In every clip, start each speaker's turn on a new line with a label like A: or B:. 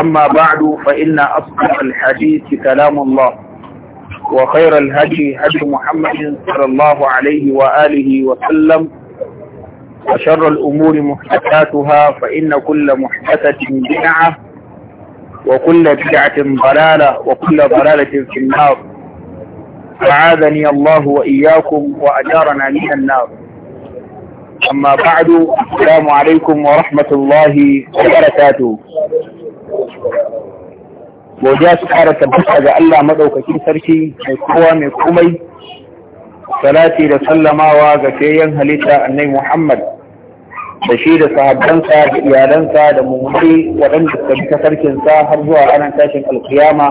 A: أما بعد فإن أصدق الحديث كلام الله وخير الهدي هدي محمد صلى الله عليه وآله وسلم وشر الأمور محدثاتها فإن كل محدثة بدعة وكل بدعة ضلالة وكل ضلالة في النار فعاذني الله وإياكم وأجارنا من النار أما بعد السلام عليكم ورحمة الله وبركاته godiya su fara tabbata ga Allah maɗaukakin sarki mai kowa mai komai salati da sallamawa ga fayyan halitta annai Muhammad da shi da sahabbansa da iyalansa da mummuni waɗanda suka bi ta sarkinsa har zuwa ranar tashin alkiyama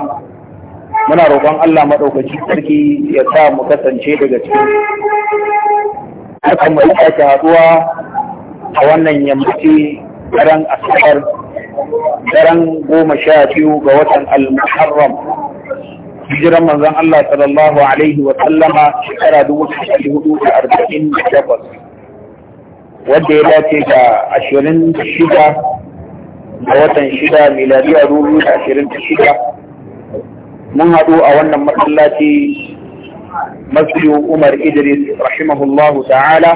A: muna roƙon Allah maɗaukakin sarki ya sa mu kasance daga cikin haka mu sake haɗuwa a wannan yammaci karan asabar daren goma sha biyu ga watan al-muharram hijiran manzon Allah sallallahu alaihi wa sallama shekara dubu hudu da arba'in da takwas wanda ya dace da ashirin da shida ga watan shida miladiya dubu da ashirin da shida mun haɗu a wannan masallaci masjidu Umar Idris rahimahullahu ta'ala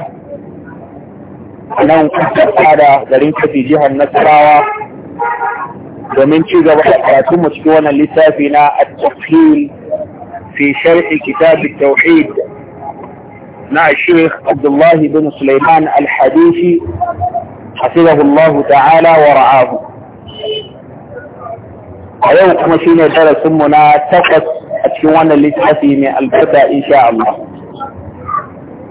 B: a nan kusa da
A: garin kafi jihar Nasarawa
B: domin ci gaba da karatun mu
A: cikin wannan littafi na at fi sharh kitab at-tauhid na Sheikh Abdullah bin Sulaiman al-Hadisi
B: hafizahu Allah
A: ta'ala wa ra'ahu a yau kuma shi ne darasinmu na takwas a cikin wannan littafi mai albarka insha Allah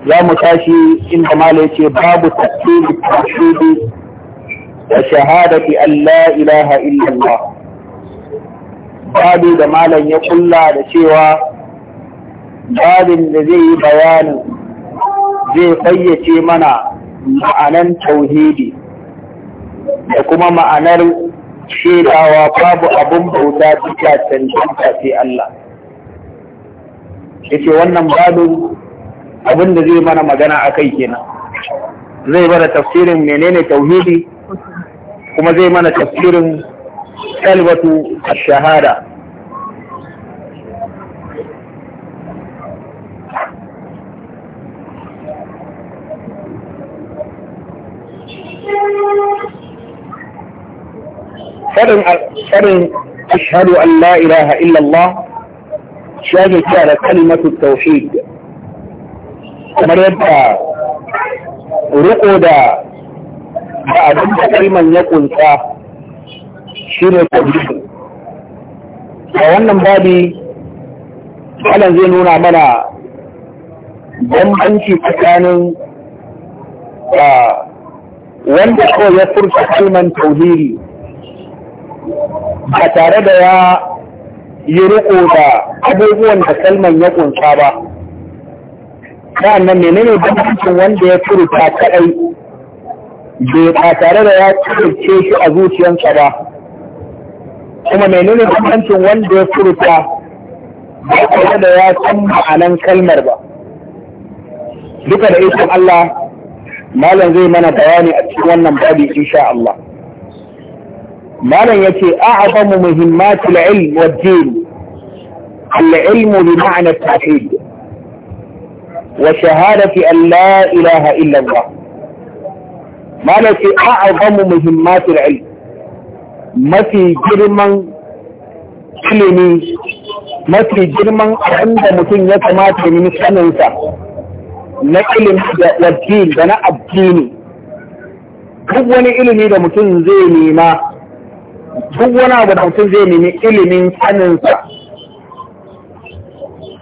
A: za mu tashi inda malai ce babu tattalin tattalin وشهادة أن Allah, إله illallah. الله babu da malam ya kulla da cewa babin da zai yi bayani zai fayyace mana ma'anan tauhidi da kuma ma'anar shaidawa babu abin bauta duka cancanta sai Allah. Ya ce wannan babin abin da zai mana magana a kai kenan. Zai bada tafsirin menene tauhidi kuma zai mana tafsirin kalbatu shahada farin ashhadu an la ilaha illallah shage da kalmatu tauhid kamar yadda riko da Ba abin da kalman ya kunsa shi ne condition a wannan babi alan zai nuna mana bambanci tsakanin wanda kawai ya furta kalman tauhiri ba tare da ya yi riko da abubuwan da kalman ya kunsa ba sa'an nan menene bambancin wanda ya furta kaɗai bai ba tare da ya cikace shi a zuciyarsa ba kuma menene bambancin wanda ya furta ba tare da ya san ma'anan kalmar ba duka da ikon Allah malam zai mana bayani a cikin wannan babi insha Allah malam yace a'zamu muhimmatul ilm wad din al-ilm bi ma'na at-tauhid wa shahadati an la ilaha illa Allah mana ce a'azamu muhimmatul ilm mafi girman ilimi mafi girman abin da mutum ya kamata ya nemi saninsa na ilimi da addini da na abdini duk wani ilimi da mutum zai nema duk wani abu da mutum zai nemi ilimin saninsa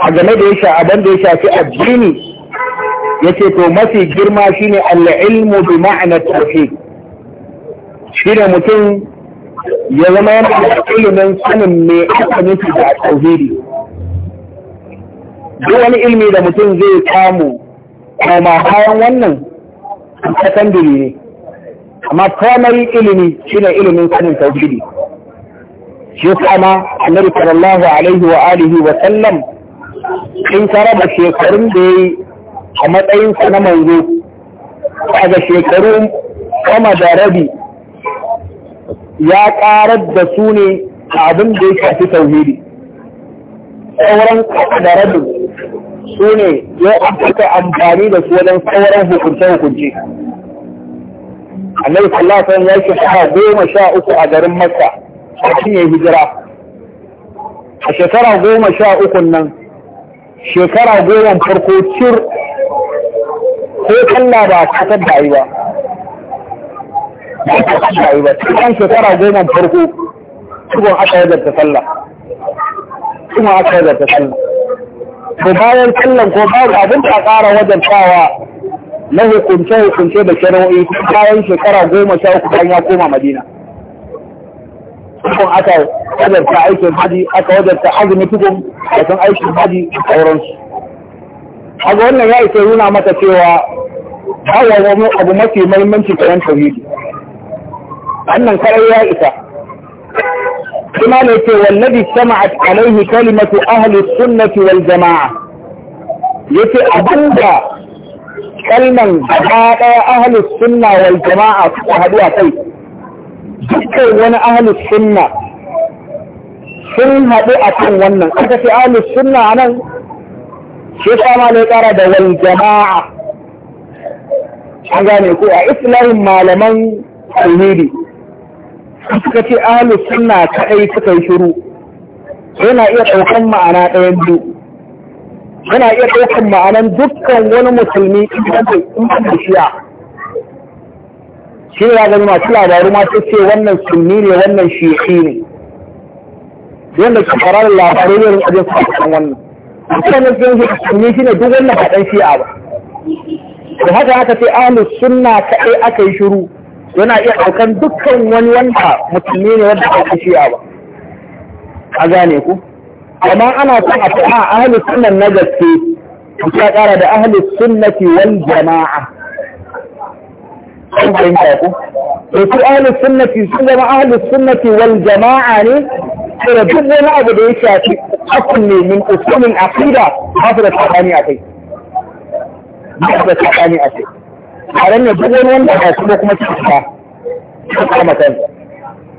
A: a game da ya sha abin da ya shafi addini yace to mafi girma shine al-ilmu bi ma'na tawhid shine mutum
B: ya zama yana da ilimin sanin me aka nufi da tauhidi duk wani
A: ilmi da mutum zai samu koma bayan wannan secondary ne amma primary ilimi shine ilimin sanin tauhidi shi kuma annabi sallallahu alaihi wa alihi wa sallam
B: in tare da shekarun da
A: yayi a matsayinsa na manzo
B: daga shekaru kama da rabi
A: ya karar da su ne abin da ya shafi tauhidi sauran kama da rabin su ne ya abuka amfani da su wajen sauran hukunce-hukunce A nai, alaihi ya shekara goma sha uku a garin masa a cinye hijira a shekara goma sha uku nan shekara goma farko cir
B: ko kalla ba a
A: kasar da yi ba
B: ba a kasar da yi ba cikin shekara goma farko cikin aka yi zarta sallah cikin aka yi zarta sallah ko bayan sallan ko bayan abin
A: ta ƙara wajen tawa na hukunce-hukunce da shari'o'i bayan shekara goma sha uku bayan ya koma madina Cikin aka wajarta aikin hadi, aka wajarta azumi tukun da sun aikin hadi a sauransu ga wannan ya isa nuna maka cewa hawa abu mafi muhimmanci kayan tauhidi
B: annan karai ya isa
A: kuma ne ce wallabi a alaihi kalimatu ahli sunnati wal jama'a yace abinda kalman gaba daya ahli sunna wal jama'a suka hadu a kai dukkan wani ahli sunna sun haɗu a kan wannan aka ce ahli sunna anan shi sama ne kara da wal jama'a an gane ko a islamin malaman tauhidi suka ce ahlus suna kaɗai suka yi shiru yana iya ɗaukan ma'ana ɗayan biyu yana iya ɗaukan ma'anan dukkan wani musulmi in da shiya shi ne gani masu labaru ma ce wannan sunni ne wannan shi ne yadda su fara labarai ne rin ajin sa wannan
B: mutanen sun yi musulmi shine duk wanda ba dan shi'a
A: ba da haka aka sai ahlus sunna kaɗai aka yi shiru yana iya ɗaukan dukkan wani wanda musulmi ne wanda ba dan shi'a ba a gane ku amma ana son a faɗa ahlus suna na gaske ta ƙara da ahlus sunnati wal jama'a an fahimta ku
B: da su ahlus
A: sunnati sun zama ahlus sunnati wal jama'a ne da duk wani abu da ya shafi hakun ne min usulin aqida ba su da tsakani a kai
B: ba su da tsakani a kai a ran ne
A: duk wani wanda ba su da kuma cikin ta
B: kama kansa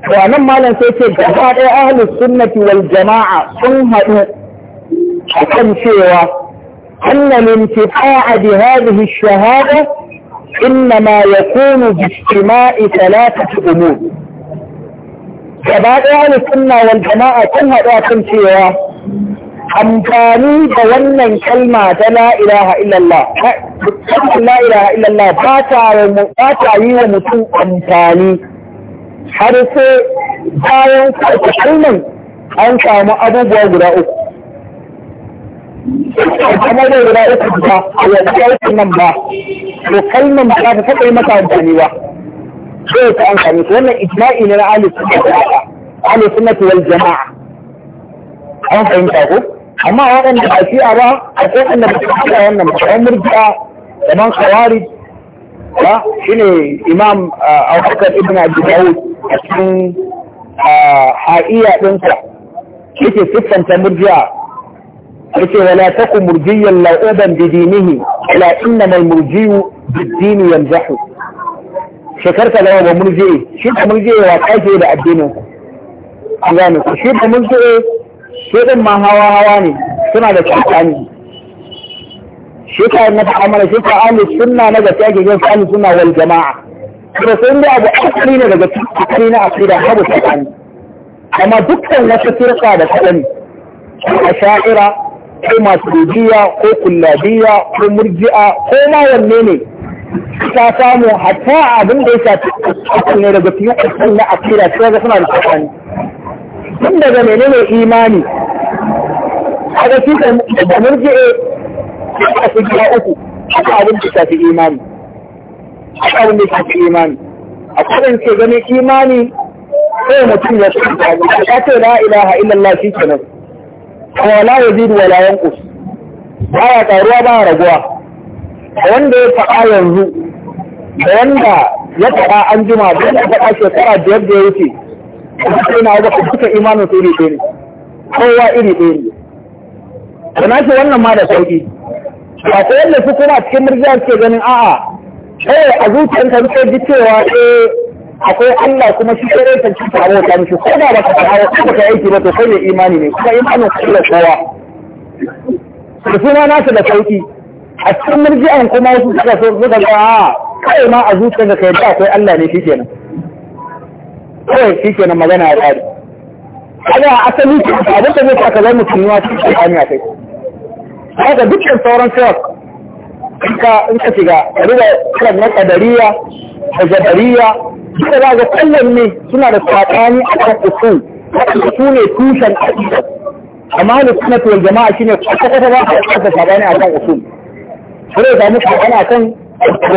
B: to anan
A: malam sai ce gaba ɗaya ahlus sunnati wal jama'a sun haɗu akan cewa أن الانتفاع بهذه الشهادة إنما يكون باجتماع ثلاثة أمور gabaɗaya ne sunna wal jama'a kun haɗu kan cewa amfani da wannan kalma ta la ilaha illallah kalmar la ilaha illallah ba ta yi wa mutum amfani har sai bayan sauka an samu abubuwa guda uku
B: kamar da guda uku ba a yanzu
A: aikin nan ba to kalman ba ta taɓa yi masa amfani ba sai ta amfani to wannan ijma'i ne na ahli sunna wal jama'a an fahimta ko amma waɗanda ba shi'a ba akwai wanda ba su wannan ba An kamar murji'a kamar khawarij ba shine imam abubakar ibn abi dawud a cikin ha'iya ɗinsa yake siffanta murji'a يقول ولا تكن مرجيا لعوبا بدينه الا انما المرجي بالدين يمزح شكرت له يا مرجي شيخ مرجي واقعي له الدينه يعني شيخ مرجي شيخ ما هوا هوا ني سنا ده شيطان شيخ ما تعمل شيخ قال السنه ما ده تاجي جه قال السنه والجماعه فسين ده ابو اصلي ده ده تكين اصلي ابو شيطان اما دكتور ما تفرقا ده كلام الشاعره ko masu maturidiyya ko kullabiyya ko murji'a ko ma wanne ne ta samu hatta abin da ya shafi akwai ne daga fiye kusan na akira sai ga suna da tsakani tun daga menene imani a ga shi da murji'a ya su gida uku haka abin da shafi imani haka abin da shafi imani a kudin ce ganin imani sai mutum ya kusa ta ce la ilaha illallah shi kenan wala yazid wala ba ya karuwa ba raguwa wanda ya faɗa yanzu da wanda ya faɗa an jima da ya faɗa shekara da ya wuce cikin na ga duka imanin su iri ɗaya ne kowa iri ɗaya ne da na ce wannan ma da sauƙi ba ta yadda su kuma cikin murjiya suke ganin a'a kawai a zuciyarka suka ji cewa eh akwai Allah kuma shi ya ta ci ta abota mishi ko da baka fara ko ka aiki ba to sai ne imani ne kuma imanin ka da kowa da suna nasu da sauki a cikin murji'an kuma su suka so suka ga a kai ma a zuciyarka kai da akwai Allah ne shikenan kawai shikenan magana ya tsari kaga asali abin da zai saka zai mutum ya ci ta hanya kai haka dukkan sauran kawai in ka shiga ka riga na kadariya da jabariya duka za ga sallan ne suna da saɓani a kan usul su ne tushen aƙida amma da suna tuwal jama'a shine kwata-kwata ba a kasa saɓani a kan usul sai da muka ana kan ko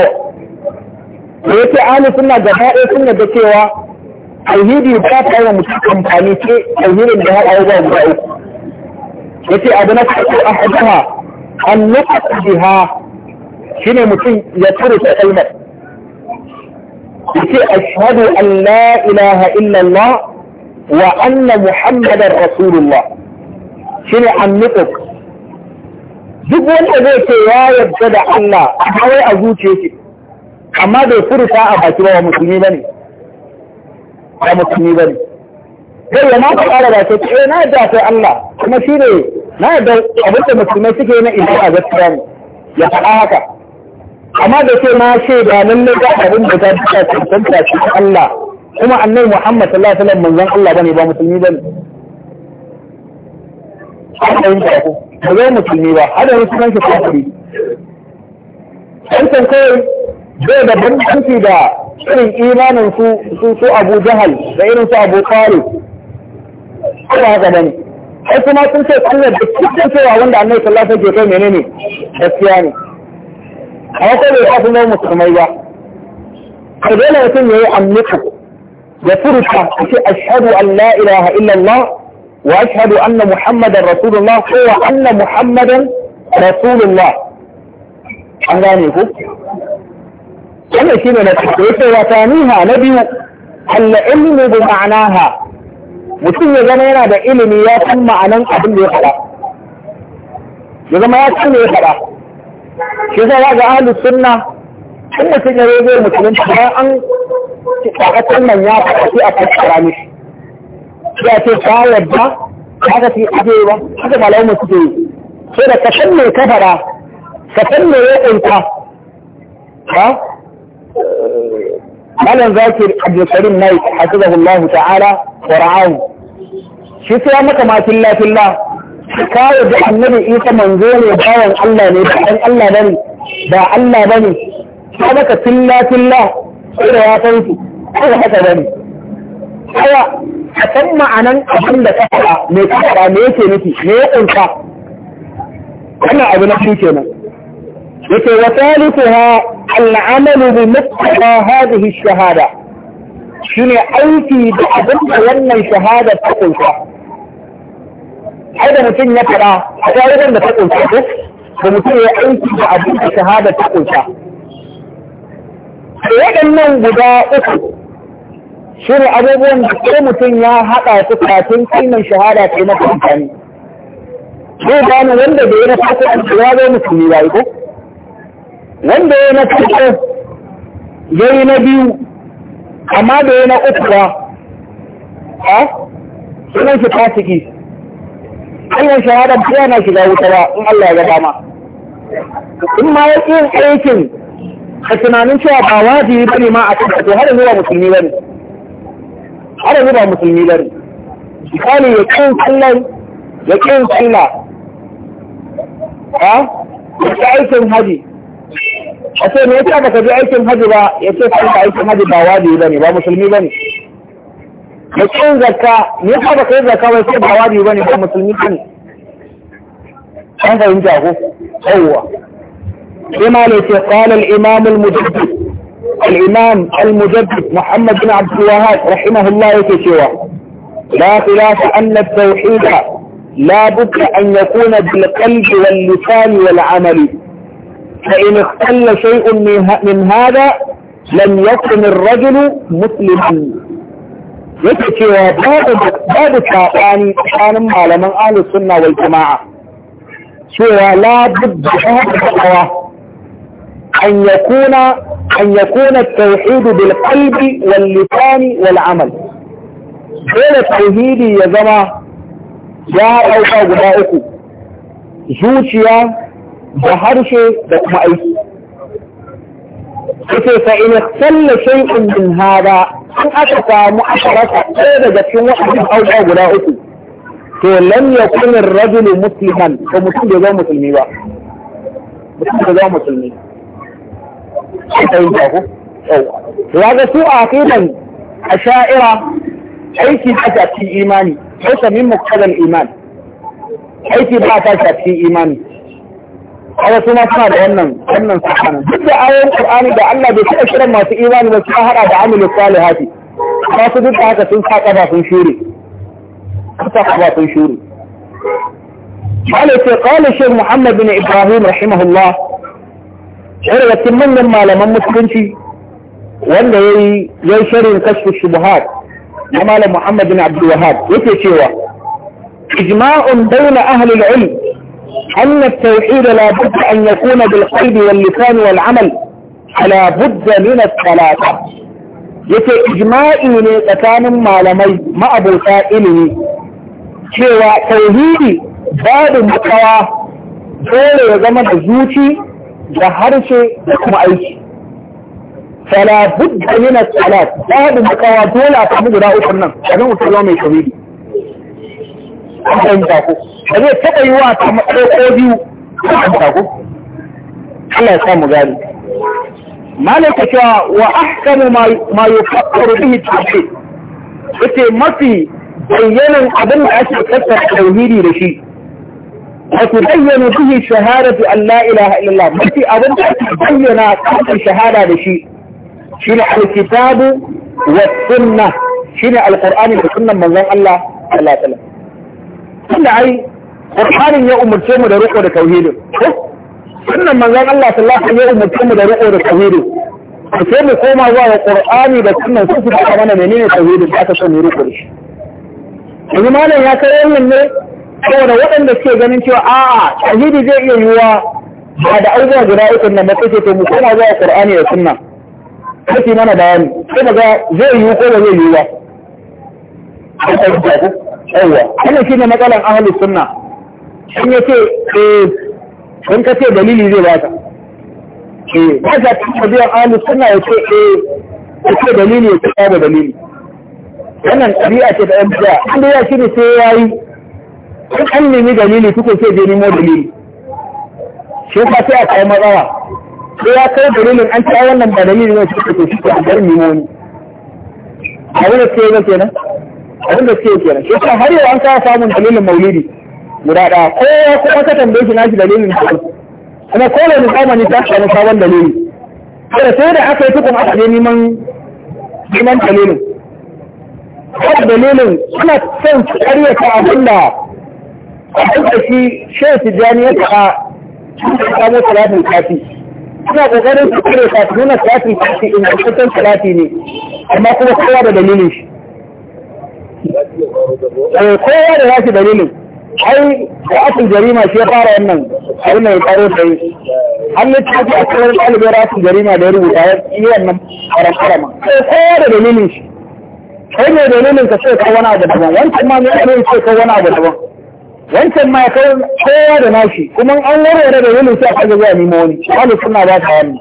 A: da yake ahli suna gaba ɗaya sun da cewa alhidi ba ta yi wa mutum amfani ce alhidin da haɗa zuwa guda uku yace abu na farko a hadaha an nufa biha shine mutum ya tare ta kalmar yace ashhadu an la ilaha illallah wa anna muhammadar rasulullah shine annutuk duk wanda zai ce ya yarda da Allah a kawai a zuciya shi amma bai furta a baki ba wa musulmi bane ba musulmi bane
B: kai ya ma ka fara da ce
A: eh na yarda sai Allah kuma shi ne na yarda abin da musulmai suke na ilaha gaskiya ne ya faɗa haka amma da ke ma da nan ne ga abin da ta duka cancanta shi ta Allah kuma annai Muhammad sallallahu alaihi wasallam manzon Allah bane ba musulmi bane ba zai musulmi ba har wasu sunan shi kafiri wancan kai zai da bambanci da irin imanin su su Abu Jahal da irin su Abu Talib kuma haka bane sai kuma sun ce kullu da cikin cewa wanda annai sallallahu alaihi wasallam ke kai menene
B: gaskiya ne a wata
A: bai kafin zama musulmai ba ka dole mutum ya yi amliku ya furta a ce ashhadu an la ilaha illallah wa ashhadu anna muhammadan rasulullah ko wa anna muhammadan rasulullah an gane ku wannan shine na farko yake wa taniha na biyu al ilmu bi ma'anaha mutum ya zama yana da ilimi ya san ma'anan abin da ya faɗa ya zama ya san me ya faɗa shi yasa ga ahlus sunna in mutum ya zo ta. Ba an kakatun nan ya faɗi a fassara mishi ya ce ka yadda haka fi aje ba haka malamu ke yi sai da ka san me ka fara ta san me ya ɗinka ha malam zakir abdulkarim naik hasibahullahu ta'ala wa ra'ahu shi sai ya maka ma filla filla ka da annabi isa manzo ne bawan Allah ne ba dan Allah bane ba Allah bane ka maka tilla tilla sai da ya san ki kai haka bane kawa a san ma'anan abin da ka faɗa me ka faɗa me yake nufi me ya kunta wannan abu na shi kenan yake wa salisuha al'amalu bi muqtada hadhihi ash-shahada shine aiki da abin da wannan shahada ta kunta ai da mutum ya fara a ƙa'idar da ta ƙunsa ko da mutum ya aiki da abin da shahada ta ƙunsa da waɗannan guda uku shi ne abubuwan da ko mutum ya haɗa su kafin kalmar shahada ta yi masa amfani zai gane wanda da ya na farko an ya zo musulmi ya yi ko wanda ya na farko ya yi na biyu amma da ya na uku ba a sunan shi fasiki hanyar shahada ba yana shiga wuta ba in Allah ya ga dama in ma ya yin aikin a tunanin cewa ba wajibi ne ma a cikin to har yanzu ba musulmi ne, har yanzu ba musulmi bane misali ya kin sallan ya kin sallah ha ya aikin haji a ce me ce baka je aikin haji ba ya ce sallah aikin haji ba wajibi ne ba musulmi ba ne. da cin zakka ya saba kai zakka bai sai ba wajibi bane ba musulmi kan an fahimta ko
B: yawwa sai ma ne
A: ce qala al imam al mujaddid al imam al mujaddid muhammad bin abd al rahimahullah yake cewa la khilafa anna at tawhid la budda an yakuna bil qalbi wal lisan wal amali fa in ikhtalla shay'un min hada لم يكن الرجل مسلما yake cewa babu saɓani tsakanin malaman ahlus sunna wal jama'a cewa la budda hawa an yakuna an yakuna tauhid bil qalbi wal lisan wal amal dole tauhidi ya zama ya ɗauka guda uku zuciya da harshe da kuma aiki. Ita fa'in tsalla shai'in min hada sun aka samu aka rasa ɗaya daga cikin waɗannan abubuwa guda uku to lam yakun ar-rajul musliman to mutum bai zama musulmi ba mutum bai zama musulmi sai ta ku ya ga su a aqidan asha'ira aiki ba ta cikin imani sai min muqtadal iman
B: aiki ba ta cikin
A: imani a wasu ma suna da wannan wannan sakanin duk da ayoyin qur'ani da Allah bai taɓa kiran masu imani ba su hada da amilu salihati ba su duk da haka sun saka ba sun shure saka ba sun shure malaka qala shaykh muhammad bin ibrahim rahimahullah shar da timman malaman musulunci wanda yayi yayi sharhin kashfu shubuhat na malam muhammad bin abdul wahhab yake cewa ijma'un bayna ahli al-ilm أن التوحيد لا بد أن يكون بالقلب واللسان والعمل فلا بد من الثلاثة yake ijma'i ne tsakanin malamai ma'abota ilimi cewa tauhidi babu makawa dole ya zama da zuci da harshe da kuma aiki
B: fala budda min as-salat
A: babu makawa dole a samu guda uku nan kamin usulma mai tauhidi an fahimta ko ba zai taɓa yi wa ta matsayi ko biyu an fahimta ko Allah ya samu gani malam ka cewa wa ahkamu ma yufakkaru bihi tauhid yace mafi bayyanan abin da ake tattara tauhidi da shi وتبين به شهادة أن لا إله إلا الله متي أبدا تبين قصد الشهادة لشيء شنع الكتاب والسنة شنع القرآن والسنة من الله الله صلى الله عليه وسلم tunda ai qur'anin ya umarce mu da riko da tauhidin sunnan manzon Allah sallallahu alaihi wasallam ya umarce mu da riko da tauhidin to sai mu koma zuwa ga qur'ani da sunnan su su da mana menene tauhidin da aka so mu riko da shi yanzu malam ya kai wannan ne saboda waɗanda suke ganin cewa a'a tauhidi zai iya yiwuwa ba da abubuwa guda uku nan ba kace to mu koma zuwa qur'ani da sunna kace mana bayani sai daga zai yiwu ko ba zai yiwu ba yawa wannan shine matsalan ahlus sunna in yace eh in ka ce dalili zai baka eh ba ta tabbiyar ahlus sunna yace eh ce dalili ya yace da dalili wannan a ce ta ƴan bid'a an da shi ne sai yayi in an nemi dalili tukun ce je nemo dalili
B: shi ka sai a kai matsala sai ya kai
A: dalilin an ta wannan ba dalili ne shi ke shi ka bar nemo ni a wurin sai ga kenan abin da suke kenan shi kuma har yau an kawo samun dalilin maulidi guda ɗaya ya kuma ka tambaye shi nashi dalilin shi kuma kowane zamani ta samu sabon dalili kada sai da aka yi tukun aka je neman neman dalilin kada dalilin suna son su karyata abin da abin da shi shehu jani ya taɓa sun samu talatin kafi suna kokarin su kare sa su nuna salatin kafi in kusantan salati ne amma kuma kowa da dalilin shi
B: Eh, kowa da
A: nashi dalilin ai da asul jarima shi ya fara wannan abin da ya faro sai an yi tafi a cikin ɗalibai da asul jarima da ya rubuta ya yi wannan karama sai eh, kowa da dalilin shi kai ne dalilin ka ce kai wani abu wancan ma ne ne ce kai wani abu wancan ma kai kowa da nashi kuma an warware dalilin sai a kaga zuwa nemo wani ahlu suna ba ta wani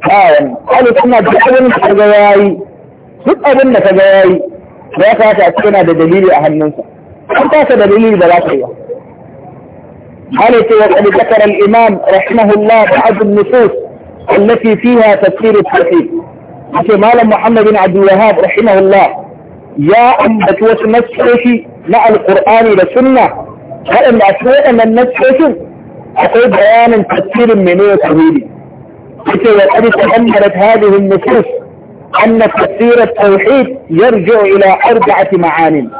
A: ba suna ahlu sunna duk abin da kaga yayi duk abin da kaga yayi ya kamata a cikin da dalili a hannunsa an kasa da dalili da za yi ba ذكر الإمام رحمه الله بعض النصوص التي فيها تفسير التوحيد مثل مال محمد بن عبد الوهاب رحمه الله يا أم بتوس نسحوشي مع القرآن لسنة وإن أسوأ من نسحوشي أقول بيان تفسير من نوع توحيدي وقد تدمرت هذه النصوص أن تفسير التوحيد يرجع إلى أربعة معاني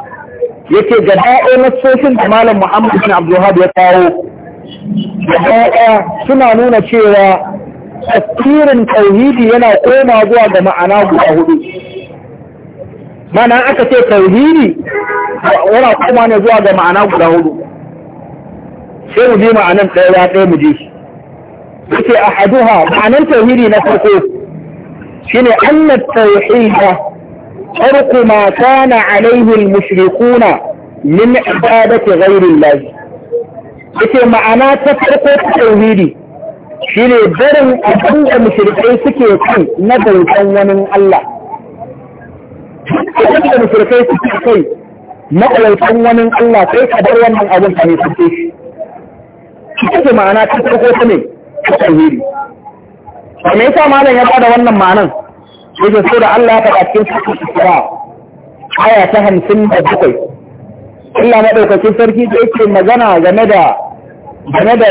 A: يكي جماعة نصوص مالا محمد بن عبد الوهاب يقاو جماعة سنانون شيرا تفسير التوحيد ينا قوما هو هذا معنى بأهدي ما أنا أكتب توحيدي
B: ولا قوما
A: هو هذا معنى بأهدي شيرو دي معنى قيلا قيم جيش يكي أحدها معنى التوحيدي نصوص shine annat tauhida tarku ma kana alaihi al-mushrikuna min ibadati ghayri Allah yake ma'ana ta farko ta tauhidi shine barin abin da mushrikai suke kai na bautan wani Allah abin da mushrikai suke kai na bautan wani Allah sai ka bar wannan abin ka ne suke shi ita ce ma'ana ta farko ta ne ta tauhidi ba mai sa malam ya bada wannan ma'anan yake so da Allah ya faɗa cikin sura Isra aya ta 57 Allah maɗaukacin sarki da yake magana game da game da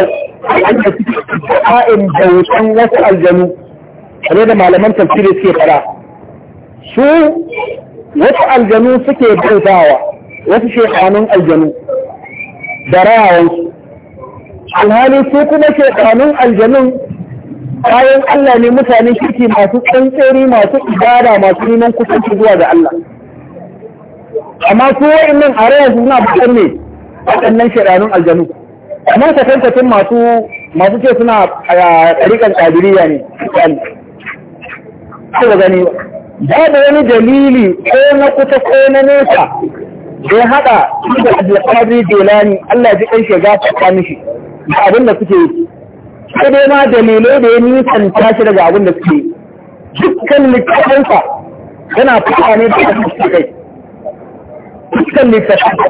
A: wanda suke ta'in bautan wasu aljanu kare da malaman tafsiri suke fara su wasu aljanu suke bautawa wasu shekanun aljanu da rayawansu alhali su kuma shekanun aljanun bayan Allah ne mutane shirki masu tsantsari masu ibada masu neman kusanci zuwa ga Allah amma su wa'annan a rayar suna bukar ne waɗannan shirarun aljanu kamar katankatin masu masu ce suna a ɗarikan ƙadiriya ne
B: ga gani da
A: wani dalili ko na kusa ko na nesa Bai haɗa haɗa da Abdulkadir Jelani Allah ji kan shiga ta mishi da abin da suke yi sai dai ma dalilai da ya nisan tashi daga abin da suke dukkan littafinsa yana fara ne da kasu kai dukkan littafansa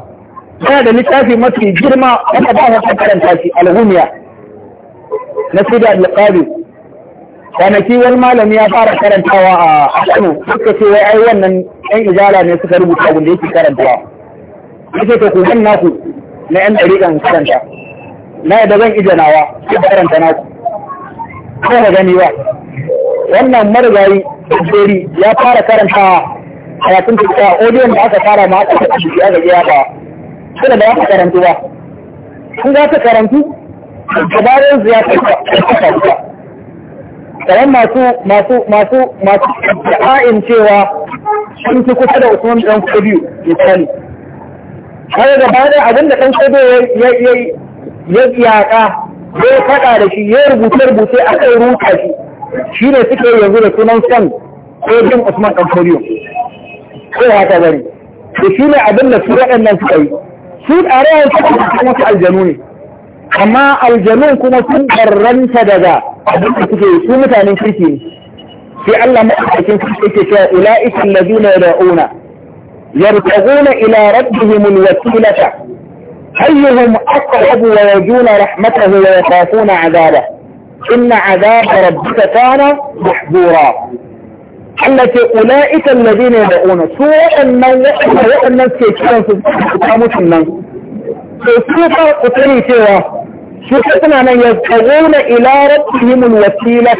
A: yana da littafi mafi girma wanda ba ta karanta shi alhumiya na sida alƙabi kwanaki wani malami ya fara karantawa a kano suka ce wai ai wannan yan ijala ne suka rubuta abin yake karantawa yake ta ku naku na yan ɗariƙan karanta na yadda zan ije nawa ki karanta naku
B: ko da gani ba
A: wannan marigayi jeri ya fara karanta karatun tuka audio da aka fara ma aka tafi shi aka ga ba kuma da ba aka karantu ba kun ga aka karantu gabarin su ya tafi kamar masu masu masu masu da'a'in cewa sun fi kusa da Usman dan Kudu misali har da bayan abin da dan Kudu ya yi ya yaƙa ya faɗa da shi ya rubuce-rubuce a kai ruka shi shi ne suke yanzu da sunan son ko jin Usman Ɗanforiyo ko haka gani da shi ne abin da su waɗannan suka yi su tsare ya suka cikin wasu aljanu ne amma aljanun kuma sun karranta daga abin da suke su mutanen kirki ne sai Allah maɗaukakin kirki yake cewa ula'ika allazina yad'una yartaguna ila rabbihim alwasilata أيهم أقرب ويرجون رحمته ويخافون عذابه إن عذاب ربك كان محذورا التي أولئك الذين يدعون سوء النوم وأن الناس يكون سبحانه النوم سوء قتلي سوى سوء أن يذهبون إلى ربهم الوسيلة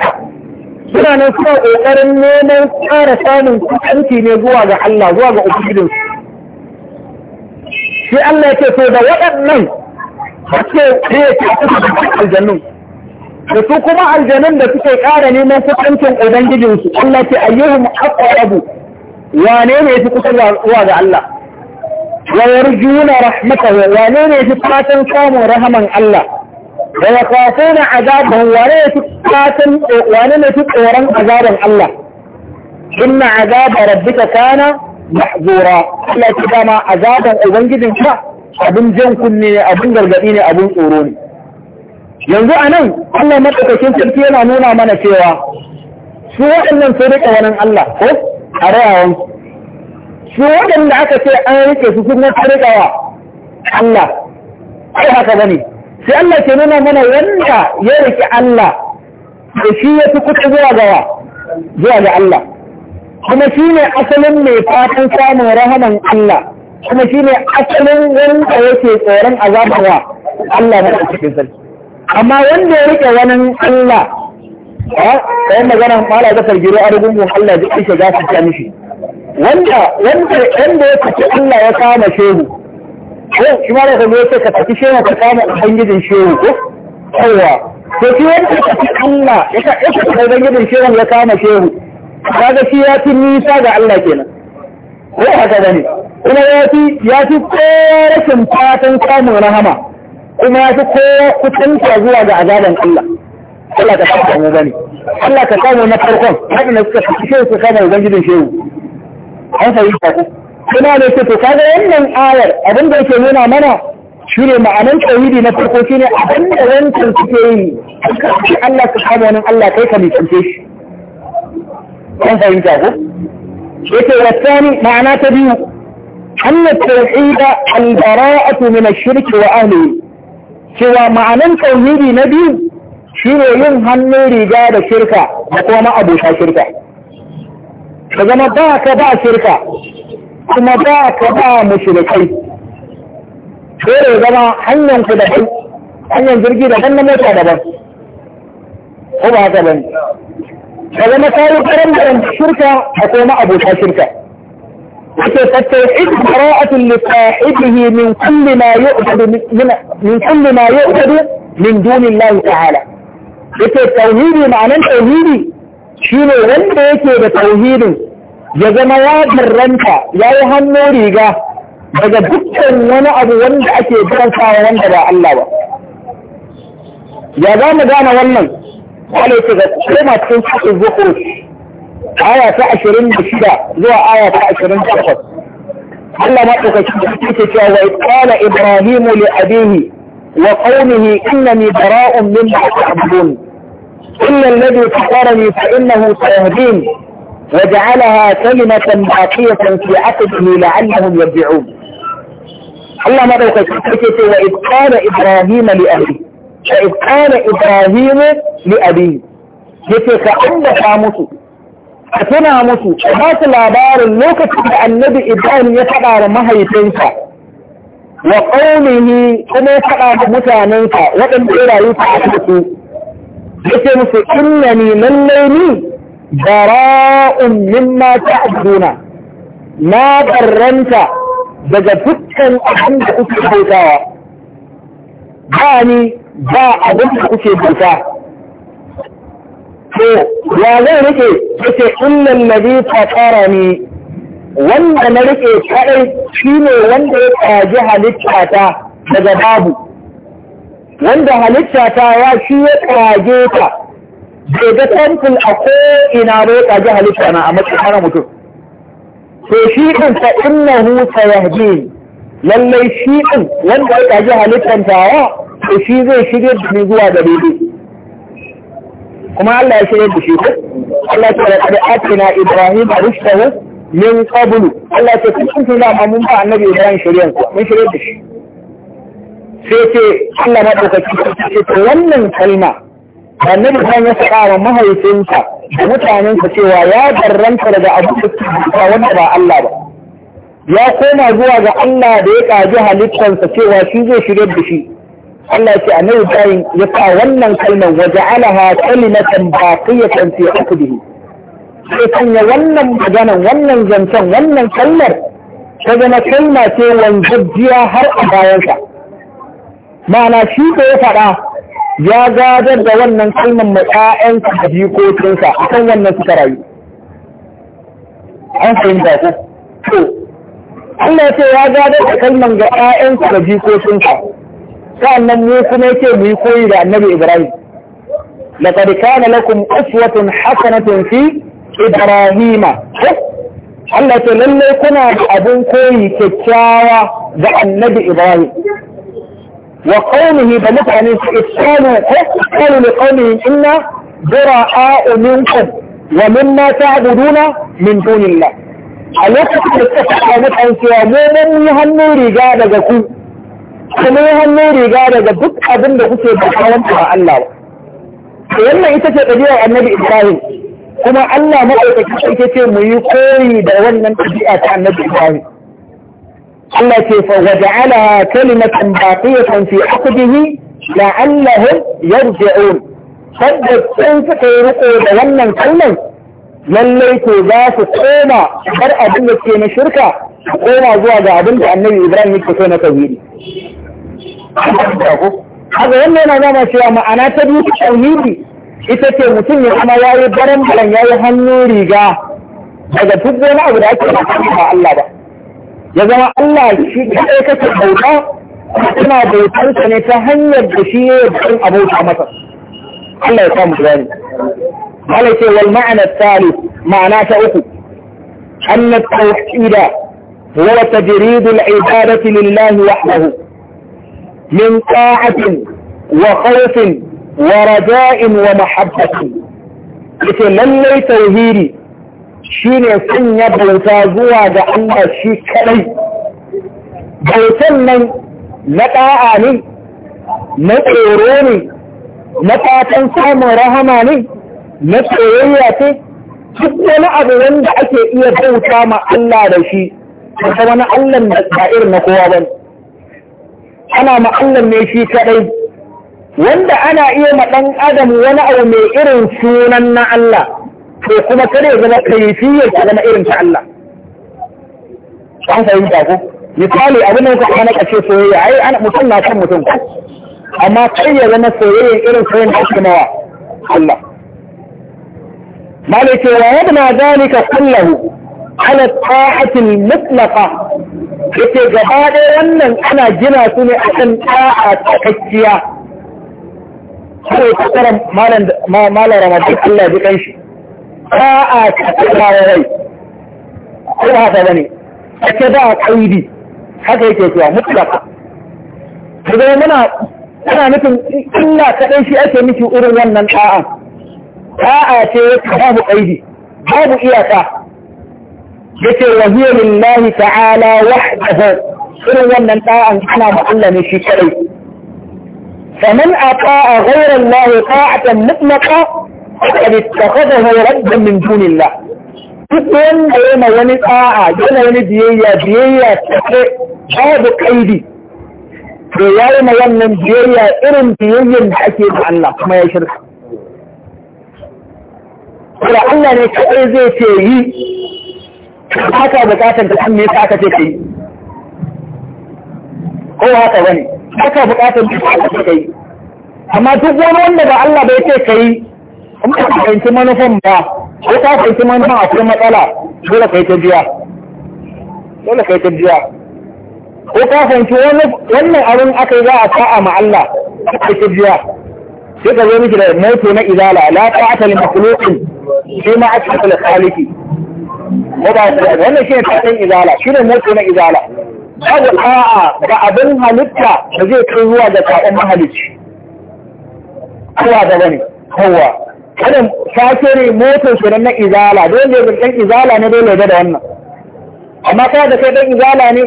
A: suna nan suna ƙoƙarin neman ƙara samun kusanci ne zuwa ga sai Allah ce so da waɗannan
B: haske ne yake kusa
A: cikin aljannun da su kuma aljanun da suke ƙara neman kusancin ubangijinsu Allah ce ayyuhu ayyuhum rabu. wane ne yafi kusa zuwa ga Allah wa yarjuna rahmatahu wane ne yafi fatan samun rahaman Allah wa yakhafuna azabahu wane yafi fatan wane ne yafi tsoron azaban Allah inna azaba rabbika kana mahzura Allah ya dama azaban ubangijin ka abin jan kunne ne abin gargadi ne abin tsoro ne yanzu anan Allah madaukakin sarki yana nuna mana cewa su waɗannan sai rika wani Allah ko a rayawan su waɗanda aka ce an rike su sun wata rikawa Allah ai haka bane sai Allah ke nuna mana wanda ya rike Allah da shi ya fi kuka zuwa gawa zuwa ga Allah kuma shi ne asalin mai fatan samun rahaman Allah kuma shi ne asalin wanda yake tsoron azabawa, Allah na cikin sarki amma wanda ya rike wani Allah a kai maganar mala da sargiro a rugungun Allah zai ishe za su ta mishi wanda wanda wanda ya tafi Allah ya kama shehu ko shi ma da kago ka tafi shehu ka kama ubangijin shehu ko yawa to shi wanda ya tafi Allah ya tafi ubangijin shehu ya kama shehu kaga shi ya fi nisa ga Allah kenan ko haka bane kuma ya fi ya fi kowa rashin fatan samun rahama kuma ya fi kowa kusanta zuwa ga azaban Allah Allah ka samu mu bane Allah ka samu na farkon haka ne suka fi shehu su kama ubangijin shehu an fahimta ku kuma ne ce to kaga wannan ayar abin da yake nuna mana shi ne ma'anan tauhidi na farko shine abin da wancan suke yi Allah ka samu wani Allah kai ka nisance shi كان فهمتها الشكل الثاني معنى تبيه أن التوحيد البراءة من الشرك وأهله سوى معنى التوحيد نبي شنو ينهن رجال الشركة وقوم أبوها الشركة فإذا ما باك باء شركة ثم باك باء مشركين فإذا ما هل ينقذ هل ينزل جيدا هل نموت هذا هو هذا
B: ka zama kayi karan
A: shirka a koma abota shirka yake fattauhid bara'atun li sahibihi min kulli ma min kulli ma yu'badu min dunillahi ta'ala yake tauhidi ma'anan tauhidi shine wanda yake da tauhidin ya zama ya karranta ya yi hannu riga daga dukkan wani abu wanda ake kiransa wanda ba Allah ba ya za mu gane wannan Allah ce ga koma cikin cikin zuhur aya ta ashirin da shida zuwa aya ta ashirin da takwas.
B: Allah maɗaukacin
A: da suke cewa wa iqala Ibrahimu li abihi wa qaumihi innani bara'un mimma ta'budun illa alladhi fatarani fa innahu sayahdin وجعلها كلمة باقية في عقبه لعلهم يرجعون. الله مرة كتبت وإذ قال إبراهيم لأهله ka ibkana ibrahimu li abi yace ka ambata musu ka tuna musu ka ba su labarin lokacin da annabi ibrahim ya faɗa wa mahaifinsa wa qaumihi kuma ya faɗa da mutanensa waɗanda ya rayu ta a su yace musu innani lallai ni bara'un mimma ta'buduna na barranta daga dukkan abin da kuke bautawa ba ni ba abin da kuke bauta to ya zai rike yake innan ta fatara ne. wanda na rike kadai shine wanda ya kaji halitta ta daga babu wanda halitta ta ya shi ya kaje ta bai ga tamfil a ko'ina ba ya kaji halitta na a matsayin mutum to shi ɗin fa innahu yahdi, lallai shi ɗin wanda ya kaji halittan tawa da shi zai shirya da shi zuwa gare ni kuma Allah ya shirya da shi ko Allah ya shirya da atina ibrahim a rushdahu min qablu Allah ya ce kun kun da mun ba annabi ibrahim shirya ko mun shirya da shi sai ce Allah ma daukaki ce to wannan kalma annabi kan ya faɗa wa mahaifinsa da ka cewa ya garanta daga abu da suke wanda ba Allah ba ya koma zuwa ga Allah da ya kaji halittarsa cewa shi zai shirya da shi Allah ce annabi Ibrahim ya sa wannan kalmar waja'alaha kalimatan baqiyatan fi uqdihi sai sanya wannan maganan wannan zancen wannan kalmar ta zama kalma ce wanzajjiya har a bayansa ma'ana shi da ya faɗa ya gadar da wannan kalmar ma ƴaƴansa da jikokinsa akan wannan suka rayu an fahimta ko ku. Allah ya ce ya gadar da kalmar ga ƴaƴansa da jikokinsa sa'annan mu kuma yake mu yi koyi da annabi Ibrahim laqad kana lakum uswatun hasanatun fi Ibrahim Allah ta lalle kuna da abin koyi kyakkyawa ga annabi Ibrahim wa qaumihi da mutane su isanu ko qalu li qaumihim inna bura'a'u minkum wa mimma ta'buduna min dunillah a lokacin da suka faɗa mutane cewa mu mun yi hannun riga daga ku kuma hannu riga daga duk abin da kuke bakawanta wa Allah ba. Wannan ita ce ɗabi'ar annabi Ibrahim, kuma Allah maɗaukaki ita ce mu yi koyi da wannan ɗabi'a ta annabi Ibrahim. Allah ce fa waja'ala kalimatan kan fi aqdihi la'allahum yarji'un. Sabbat sun suka yi riko da wannan kallon lallai ko za su koma bar abin da ke na shirka a koma zuwa ga abin da annabi ibrahim yake so na tauhidi haka wannan yana zama cewa ma'ana ta biyu ta tauhidi ita ce mutum ya kuma yayi baran baran yayi hannu riga daga duk wani abu da ake ba Allah ba ya zama Allah shi kaɗai kake bauta suna bautarsa ne ta hanyar da shi ya yi abota masa. Allah ya samu gani. Allah ce wal ma'ana tsari ma'ana ta uku. Anna tauhida هو تجريد العبادة لله وحده من طاعة وخوف ورجاء ومحبة لكي للي توهيري shine sanya bauta zuwa ga Allah shi kadai bautan nan na ɗa'a
B: na tsoro ne
A: na fatan samun rahama ne na duk wani abu wanda ake iya bauta ma Allah da shi da kuma na Allah da ba irin na kowa ba ana ma Allah ne shi kadai wanda ana iya ma dan adam wani abu mai irin sunan na Allah to kuma kare zama kaifiyar ta zama irin ta Allah an fahimta ko misali abin da kuka ana kace soyayya ai ana mutum na kan mutum amma kai ya zama soyayya irin soyayya da ake nawa Allah malai ce wa yadda zalika ala ta'atil mutlaqa yace gaba ɗaya wannan ana gina su ne akan ta'a takakkiya sai ta tsara malam malam ramadan Allah ji kanshi ta'a takakkiya rai ko haka bane ake ba kaidi haka yake cewa mutlaqa kaga muna ana nufin illa kaɗai shi ake miki irin wannan ta'a ta'a ce babu kaidi babu iyaka yake wa lillahi ta'ala wahdahu irin wannan ta'an ana ma Allah ne shi kadai faman ata'a ghayra Allah ta'atan mutlaqa faqad ittakhadha rabban min dunillah duk wanda ma wani ta'a yana wani biyayya biyayya take babu kaidi to yayi ma wannan biyayya irin biyayyan da ake da Allah kuma ya shirka.
B: Allah ne kai zai ce
A: yi ba ka bukatan ka san me yasa aka ce ka yi, ko haka bane ba aka ce ka yi, amma duk wani wanda ba Allah bai ce ka yi, kuma ka fahimci manufan ba ko ka fahimci manufan cikin matsala dole kai ta biya dole kai ta biya ko ka fahimci wannan abin aka yi za a sa'a ma Allah kai ta biya sai ka zo miki da moto na izala la ta'ata li makhluqin fi ma ake al-khaliqi wannan shi ne taɗin izala shi ne motsi na izala
B: babu a'a
A: ga abin halitta da zai kai zuwa ga saƙon mahalicci kowa da wani kowa kanin kafiri motar su na izala dole da ɗan izala ne dole da wannan amma ta da kai ɗan izala ne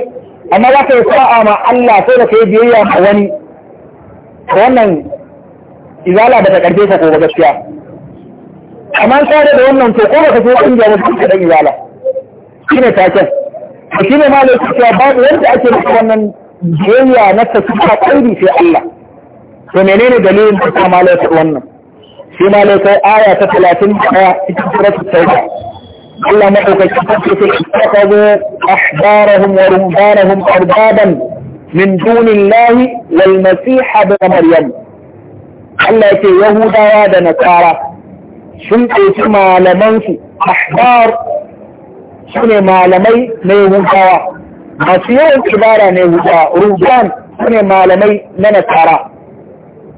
A: amma za ka yi sa'a ma Allah sai da kai biyayya ma wani wannan izala ba ta ƙarfe ka ko ba gaskiya
B: amma kada da wannan to ko
A: baka so kungiya ba ka dan izala shine taken to shine ma da cewa ba wanda ake da wannan jiyya na ta suka kai sai Allah to menene dalilin da ta malai ta wannan shi malai kai aya ta 31 cikin suratul tauba Allah ma ka ci ta madaukakin sarki ka ittakazu ahbarahum wa rumbanahum arbaban min dunillahi wal masiha da maryam Allah yake yahudawa da nasara sun ɗauki malamansu ahbar su ne malamai na yahudawa masu yawan ibara na yahudawa ruban su ne malamai na nasara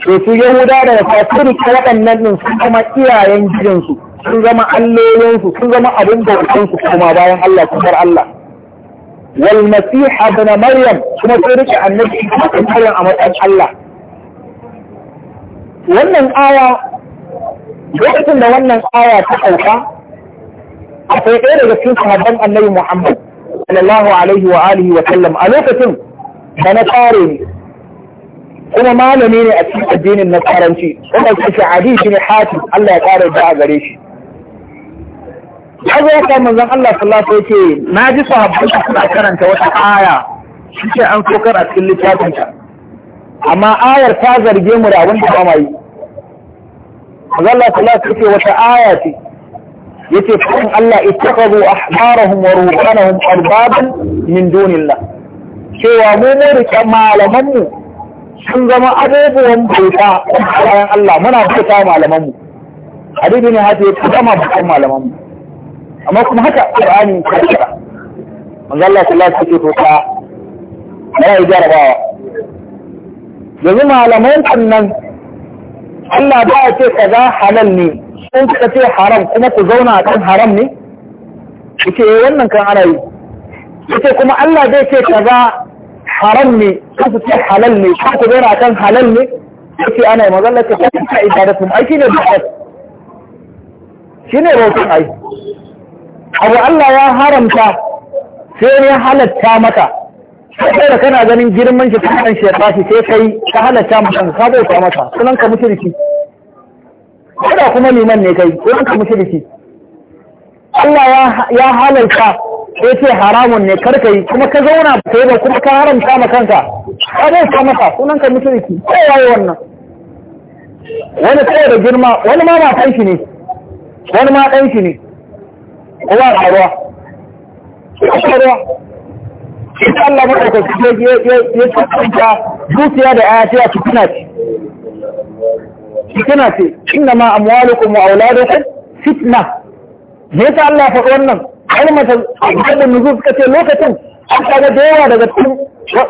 A: to su yahuda da nasara su rike waɗannan ɗin sun zama iyayen gidansu sun zama allolinsu sun zama abin bautansu kuma bayan Allah sun bar Allah wal masiha na maryam kuma sai rike annabi ibn maryam a matsayin Allah wannan aya lokacin da wannan aya ta sauka akwai ɗaya daga cikin sahabban annabi Muhammad sallallahu alaihi wa alihi wa sallam a lokacin da na tare ne kuma malami ne a cikin addinin nasaranci kuma ke shi adi shi ne hati Allah ya ƙara da a gare shi Hazo ya kan manzon Allah sallallahu alaihi yake na ji sahabban su suna karanta wata aya shi ce an sokar a cikin littafin amma ayar ta zarge mu da wanda ba mai Allah sallallahu alaihi wasallam wata aya ce yace kan Allah ittakhadhu ahbarahum wa ruhanahum arbaban min dunillah cewa mu ne rike malaman mu sun zama abubuwan bauta bayan Allah muna bauta malaman mu hadisi ne haka ya zama bautan malaman mu amma kuma haka Qur'ani ya kira manzo Allah sallallahu alaihi wasallam ta ya yi jarabawa yanzu malaman nan Allah ba ya ce kaza halal ne sun kuka ce haram kuma ku zauna a kan haram ne yace eh, wannan kan ana yi yace kuma Allah zai ce kaza haram ne ku ce halal ne sun ku zauna a kan halal ne yace ana yi magana ta kuma ne da shine shi ne rokin ai abu Allah ya haramta sai ya halatta mata. kai kana ganin girman shi ta kan shekara shi sai kai ka halatta mutum ka bai ta masa sunan ka mushriki kada kuma liman ne kai sunan ka mushriki Allah ya halalta sai ce haramun ne kar kuma ka zauna ba kai ba kuma ka haramta ma kanka ka bai ta masa sunan ka mushriki kai yayi wannan wani kai da girma wani ma kai shi ne wani ma dan shi ne kuma a ruwa ita Allah maɗaukaki ya ya tsanta dukiya da aya a fitina ce fitina ce inna ma amwalukum wa auladukum fitna me yasa Allah ya faɗi wannan kalmata da nuzul suka ce lokacin an kaga da yawa daga cikin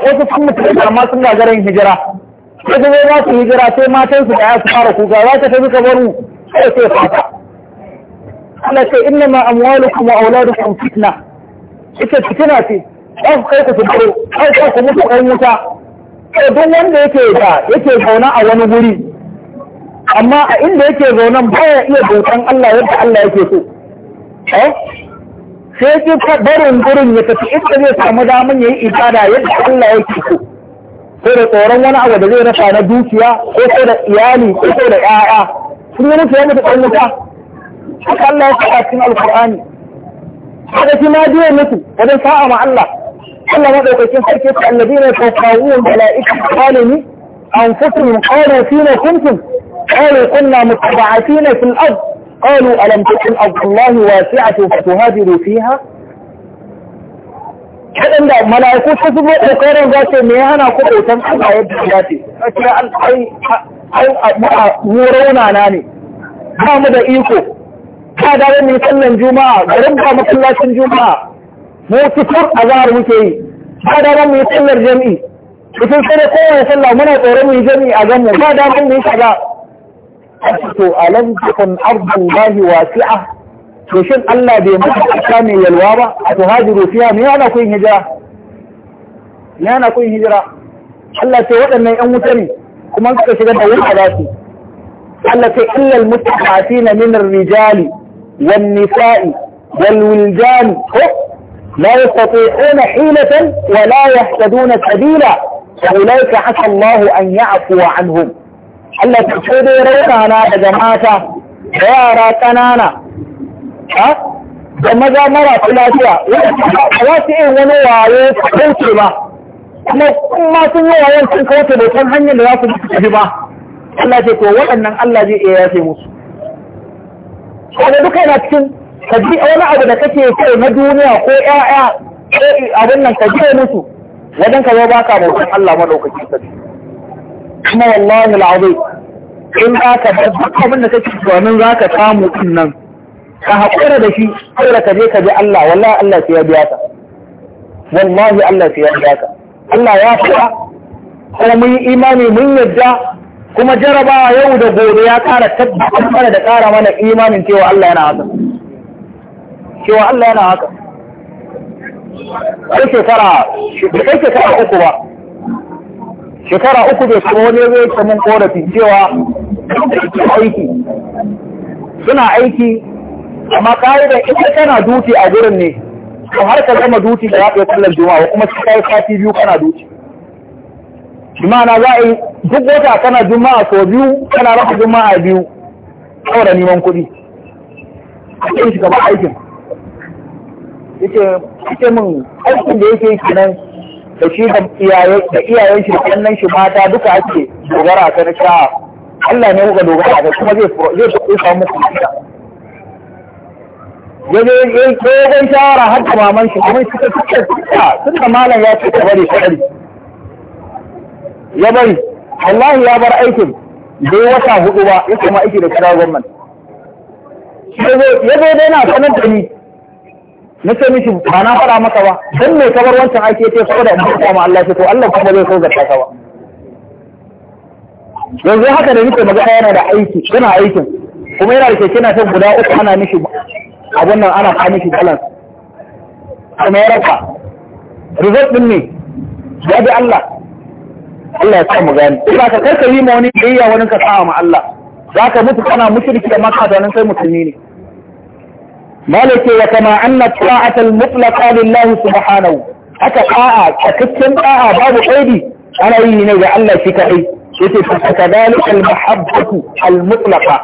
A: wasu sun mutu da amma sun gagarin hijira sai kuma za su hijira sai matan su da ya fara kuka za ka tafi kamar mu sai sai fata Allah ce inna ma amwalukum wa auladukum fitna ita fitina ce za kai ku kai kai ku mutu kan wuta to duk wanda yake da yake zauna a wani wuri amma a inda yake zaunan baya iya bautan Allah yadda Allah yake so eh sai ki barin gurin ya tafi inda zai samu daman yayi ibada yadda Allah yake so ko da tsoron wani abu da zai rasa na dukiya ko ko da iyali ko ko da ƴaƴa sun yi nufi ya mutu wuta Allah ya faɗa cikin alƙur'ani kada shi ma biye mutu wajen sa'a ma Allah Allah madaukakin sarki ta alladina yatawafawun mala'ikatu zalimi anfusuhum qalu fina kuntum قالوا كنا متبعثين في الأرض قالوا ألم تكن أرض الله واسعة فتهاجروا فيها kaɗan da mala'iku ta zubo ƙoƙarin za su ne hana ku ɗautan Allah yadda ya ce, ake an ai mu raunana ne, ba mu da iko, ta da wani sallan juma'a, garin ba masallacin juma'a, mu fitur azhar muke yi ba da mu yi sallar jami'i cikin sai kowane sallah muna tsoron mu yi jami'i a ganmu ba da mu yi kaza to alam takun ardullahi wasi'a to shin Allah bai muku ƙasa mai yalwa ba a tuhajiru fiha me yana kun hijira me yana kun hijira Allah ce waɗannan ƴan wuta ne kuma suka shiga da wuta za su Allah ce illal mutaqafina min ar-rijali wan nisa'i wal wildan ko لا يستطيعون حيلة ولا يهتدون سبيلا فأولئك عسى الله أن يعفو عنهم Allah ta ce dai raunana daga mata da yara ƙanana da maza mara lafiya wanda za su yin wani waye su kauce kuma sun yi wayen sun kauce da san hanyar da ba Allah ce to Allah zai iya yafe duka yana cikin ka ji wani abu da kake kai na duniya ko ƴaƴa ko abin nan ka ji musu wajen ka zo baka bautan Allah madaukakin sarki kuma wallahi al'azim in za ka bar duk abin da kake tunanin za ka samu din nan ka haƙura da shi saboda ka je ka ji Allah wallahi Allah sai ya biya ka wallahi Allah sai ya biya ka Allah ya fara kuma mun imani mun yadda kuma jarabawa yau da gobe ya kara tabbatar mana da kara mana imanin cewa Allah yana haka cewa Allah yana haka
B: kai shekara kai shekara uku ba
A: shekara uku bai samu wani zai ta mun korafi cewa aiki suna aiki amma da ita kana duti a gurin ne to har ka zama duti da ya kullum sallar juma'a kuma sai yi sati biyu kana duti imana za a yi duk wata kana juma'a sau biyu kana rasa juma'a biyu da neman kuɗi a cikin shi gaba aikin yake yake min aikin da yake nan da shi da iyaye da iyayen shi da nan shi mata duka ake dogara ta na sha Allah ne kuka dogara ta kuma zai zai zai samu muku ya ne ya yi dogon shawara har da maman shi kuma shi ta suka sun da malam ya ce ta bari ta bari ya bari wallahi ya bar aikin bai wata hudu ba ya kuma aiki da kira gwamnati ya zo dai na sanar da ni na ce mishi ba na faɗa maka ba dan me kabar wancan ake ce saboda da bauta ma Allah ce to Allah kuma zai sogarta ka ba yanzu haka da nake magana yana da aiki yana aikin kuma yana da keke na san guda uku ana mishi abun nan ana fa mishi balance kuma ya raka. result din ne ya bi Allah Allah ya sa mu gani ina ka karka yi ma wani biyayya wani ka sa ma Allah Za ka mutu kana mushriki amma ka da nan sai mutumi ne malaka ya kama anna ta'atul mutlaqa lillahi subhanahu haka ta'a cikakken ta'a babu kaidi ana yi ne ga Allah shi kai yace fa kadalika al-mahabbatu al-mutlaqa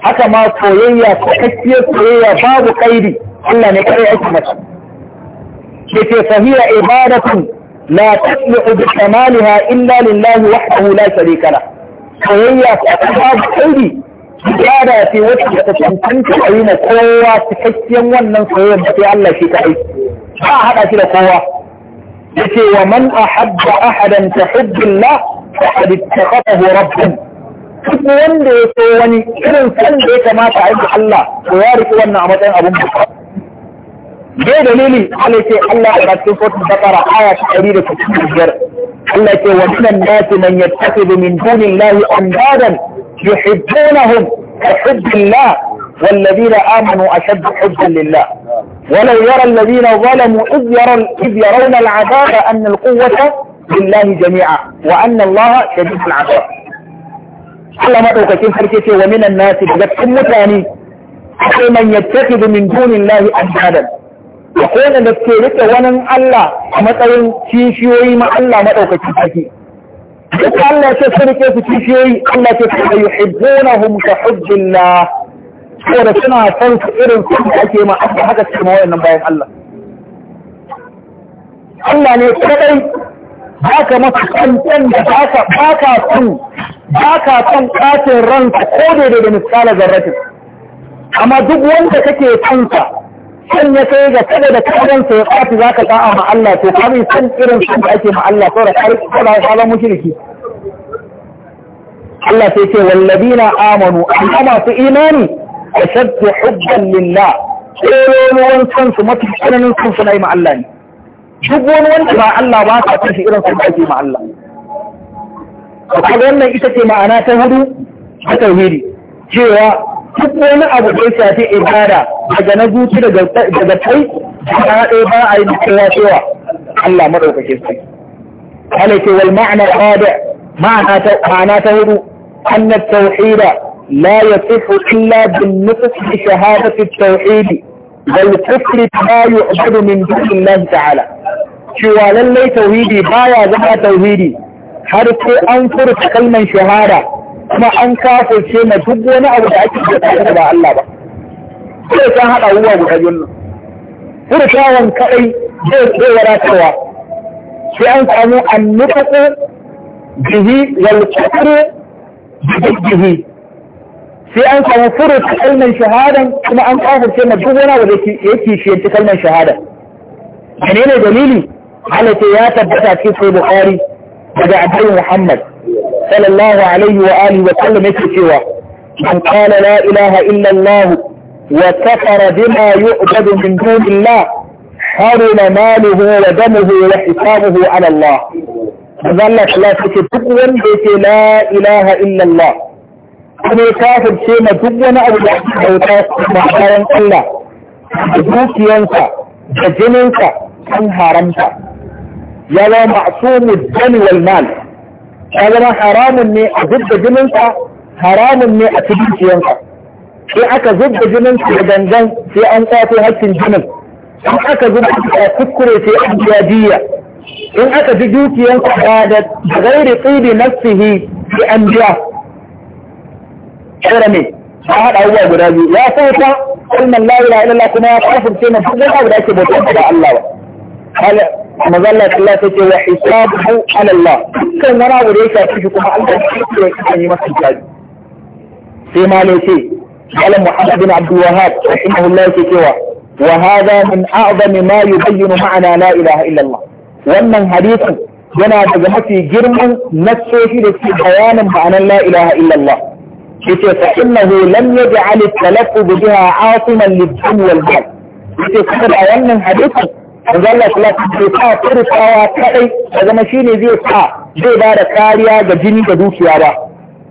A: haka ma soyayya cikakkiyar soyayya babu kaidi Allah ne kare ake masa yace fa hiya ibadatun la taslihu bi kamaliha illa lillahi wahdahu la sharika lahu soyayya babu kaidi ibada ce wacce ta cancanta a yi na kowa cikakken wannan soyayyar da sai Allah shi kaɗai ba a haɗa shi da kowa yace wa man ahabba ahadan tahibbullah faqad ittakhadahu rabbuh duk wanda ya so wani irin san da ya kamata a yi Allah to ya riƙi wannan a matsayin abun ba bai dalili Allah ce Allah a cikin sotin bakara aya ta ɗari da cikin biyar Allah ce wa minan nasi man yattakhidhu min dunillahi andadan يحبونهم كحب الله والذين آمنوا أشد حبا لله ولو يرى الذين ظلموا إذ, يرى إذ يرون العذاب أن القوة لله جميعا وأن الله شديد العذاب قال ما توقفين فرشيتي ومن الناس بذكتم متاني من يتخذ من دون الله أجهدا يقول لك لك ونن الله ومتعين شيشي ما الله ما توقفين فرشيتي duk Allah ya ce rike su kishiyoyi Allah ya ce ka yuhibbunahum ka hubbillah saboda suna san su irin su da ake ma Allah haka ce ma wayannan bayan Allah Allah ne kadai baka masa kankan da baka baka son baka son katin ranka ko daidai da misalar zarratin amma duk wanda kake kanka san ya kai ga kada da kadan sai ya fati zaka da'a ma Allah to kai san irin san da ake ma Allah saboda kai kada ka zama mushriki Allah sai ce walladina amanu amma masu imani ashaddu hubban lillah ko wani san su mafi tsananin san su nayi ma Allah ne duk wani wanda ba Allah ba ka kashi irin san da ake ma Allah to kaga wannan ita ce ma'ana ta hudu ta tauhidi cewa duk wani abu da ya shafi ibada daga na zuci daga kai ta ɗaya ba a yi cewa cewa Allah maɗaukake su alaike wal ma'anar hada ma'ana ta hudu annat tauhida لا يصح إلا بالنطق بشهادة التوحيد والكفر ما يعبد من دون الله تعالى cewa lallai tauhidi baya zama tauhidi har sai an furta kalman shahada kuma an kafirce ma duk wani abu da ake da ba Allah ba sai san haɗa ruwa guda biyun nan furtawan kaɗai zai zai wadatarwa sai an samu annufaku jihi wal kafru jihi sai an samu furta kalmar shahadan kuma an kafirce ma duk wani abu da yake shiyanci kalmar shahada ne dalili halatta ya tabbata cikin sai bukhari وبعدين محمد صلى الله عليه وآله وسلم اتفوا من قال لا إله إلا الله وكفر بما يؤبد من دون الله حرم ماله ودمه وحسابه على الله فظل خلافك دقوا بك لا إله إلا الله ان كافر شيما دقونا أبو جحيم أبو كافر محارا الله بدوك ينسى بجننسى ان رمسى يا لو معصوم الدم والمال قال ما حرام اني اضد جننك حرام اني اتبين في انك في اكا ضد جننك في في انك في هل تنجمل ان اكا ضد تذكر في اجيادية ان اكا تجوك ينك بادت بغير قيد طيب نفسه في انبياء شرمي فهذا هو ابو راجي لا فوتا قل من لا اله الا الله كما يقرف بسينا فوتا ولا يكبر الله هل mazalla Allah ta ce wa hisabu ala Allah dukkan wani abu da ya shafi shi kuma Allah ya ce yi masa hisabi sai ma ne ce qala Muhammad bin Abdul Wahhab rahimahullah yake cewa wa hadha min a'zami ma yubayyinu ma'ana la ilaha illa Allah wannan hadisin yana daga mafi girman nassoshi da ke bayanin ma'anar la ilaha illa Allah
B: yace fa innahu
A: lam yaj'al at-talaqqu biha 'asiman lid-dun wal-mal yace kuma wannan hadisin yanzu Allah kula ta sa turkawa kaɗai, da zama shine zai sa zai ba da kariya ga jini da dukiya ba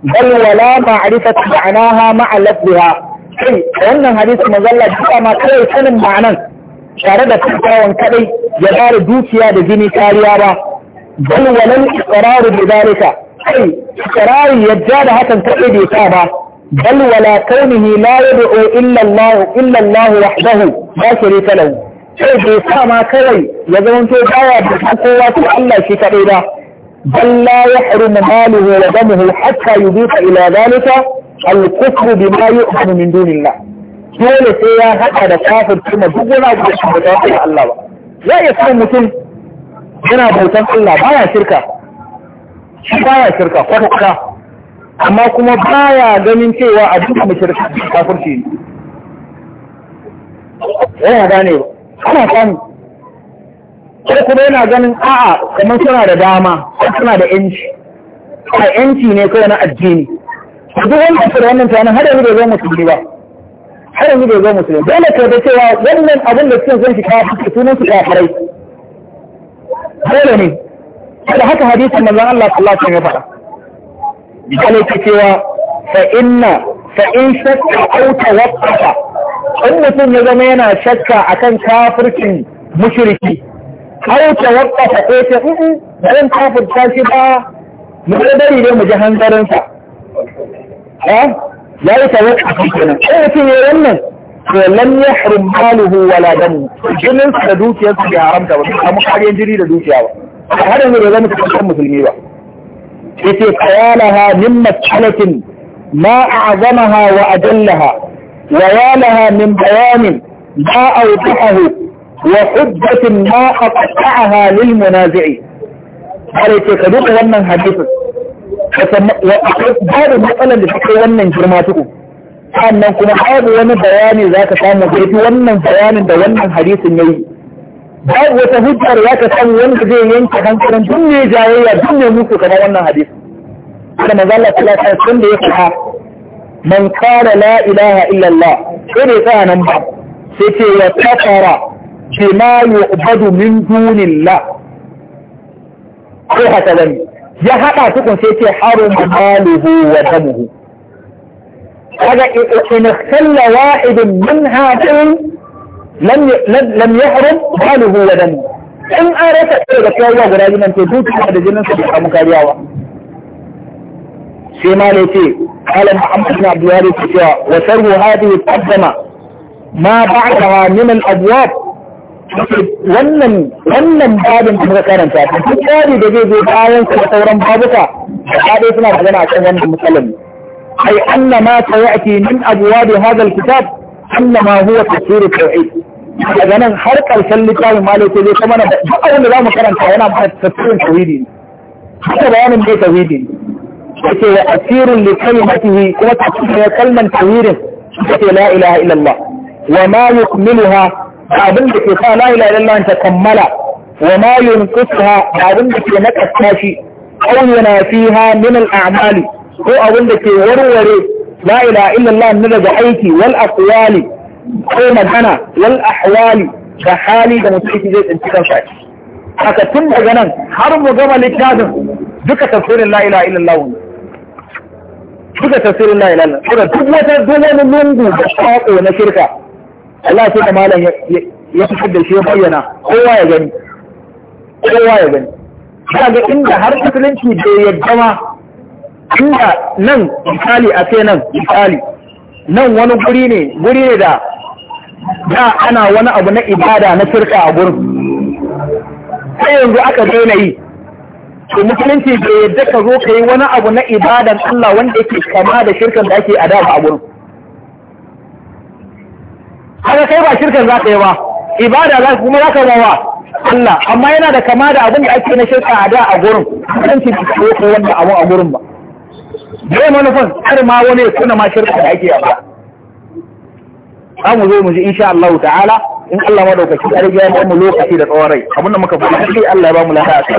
A: bal wala ma'rifatu ma'anaha ma'a lafziha kai wannan hadisi manzo Allah ya ma kai sanin ma'anan tare da turkawan kaɗai ya ba da dukiya da jini kariya ba bal wala iqraru bi dalika kai iqraru yadda da hakan kadai bai sa ba bal wala kaunihi la yad'u illa Allah illa Allah wahdahu la sharika lahu sai bai sa ma kawai ya zamanto baya da kowa sai Allah shi kaɗai ba bal la yahrumu maluhu wa damuhu hatta yudika ila zalika al-kufru bima yu'minu min dunillah dole sai ya haɗa da kafir kuma duk wani abu da shi ba ta Allah ba ya iya kan mutum yana bautan Allah baya shirka shi baya shirka kwata kwata amma kuma baya ganin cewa a duka mashirka kafirci ne yana gane ba ana samu ko kuma yana ganin a'a kamar suna da dama suna da yanci a yanci ne kawai na addini duk wanda ke da wannan tunanin har yanzu bai zo musulmi ba har yanzu bai zo musulmi dole ka da cewa wannan abin da cikin sun shi ka fi sunan su kafirai dole ne da haka hadisin manzon Allah sallallahu alaihi wasallam ya faɗa ka cewa fa inna fa in shakka aw tawaqqafa in mutum ya zama yana shakka akan kafircin mushriki har ta wakka ta ko ta uku dan kafirta shi ba mu da dare ne mu ji hanzarin sa eh ya yi tawakka a in mutum ya wannan to lam yahrum maluhu wala damu jinin sa da dukiyar sa bai haramta ba kuma kariyan jiri da dukiya ba har yanzu bai zama cikakken musulmi ba yace qalaha min mas'alatin ma a'zamaha wa ajallaha ويا لها من بيان ما أوضحه وحجة ما أقطعها للمنازعين عليك خلوك ومن حديثك وأخذ هذا المسألة لفكر ومن جرماتكم فأنكم حاضوا ومن بيان ذاك كان مجرد ومن بيان ده ومن حديث النبي باب وتهجر ياك كان ومن جدي ينك هنكرا دنيا جاية دنيا موسيقى ومن حديث كما ذلك لا تسلم ليك الحاق من قال لا إله إلا الله إرثانا بعض سيكي وكفر بما يؤبد من دون الله كيف تلني يا حقا تكون سيكي حرم ماله ودمه هذا إن اختل واحد من هاتين لم لم يحرم ماله ودمه إن أرثت إذا كان الله غرائي من تدوت بعد جنة سبحانه sai ma ne ce kala muhammad na abdullahi da ke cewa wa sarhu hadi qaddama ma ba'daha min al-abwab wannan wannan babin da muka karanta ta duk babi da zai zo bayan su sa sauran babuka da dai suna magana akan wannan matsalar ai anna ma sayati min abuwa da al-kitab anna ma huwa tafsir tauhid daga nan har karshen littafin malaka zai kuma na duk abin da mu karanta yana ba tafsirin tauhidi ne haka bayanin dai tauhidi ne yake wa asirun li kalimatihi kuma ta cikin kalman tawirin suka ce la ilaha illallah wa ma yukmiluha da abin da ke sa la illallah ta kammala wa ma yunqisuha da abin da ke nakasta shi aw yunafiha min al-a'mali ko abin da ke warware la illallah na daga aiki wal aqwali ko magana wal ahwali da hali da mutum zai tsinci kansa haka tun daga nan har mu gama littafin duka tafsirin la ilaha illallah duka tafsirin la ilaha illallah duk wata duk wani lungu da shako na shirka Allah sai da malam ya fitar da shi ya bayyana kowa ya gani kowa ya gani Ba ga inda har musulunci bai yadda ma inda nan misali a ce nan misali nan wani guri ne guri ne da da ana wani abu na ibada na shirka a gurin sai yanzu aka daina yi to musulunci bai yadda ka zo ka yi wani abu na ibadan Allah wanda yake kama da shirkan da ake a da a wurin haka kai ba shirkan za ka yi ba ibada za kuma za ka yi ba Allah amma yana da kama da abin da ake na shirka a da a gurin musulunci bai zo ka wanda abu a gurin ba Zai manufan har ma wani ya tuna ma shirka da ake a ba za mu zo mu ji insha Allah ta'ala in Allah madaukaki ya riga ya mu lokaci da tsawon rai abinda muka faɗi Allah ya ba mu lafiya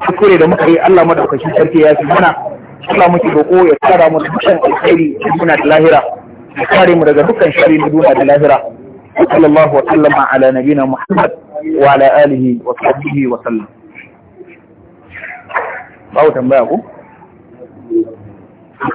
A: kuskure da muka yi Allah madaukakin sarki ya fi mana Allah muke roƙo ya tsara mu dukkan alkhairi duniya da lahira ya kare mu daga dukkan shari na duniya da lahira sallallahu wa sallama ala nabina muhammad wa ala alihi wa sahbihi wa sallam ba tambaya ku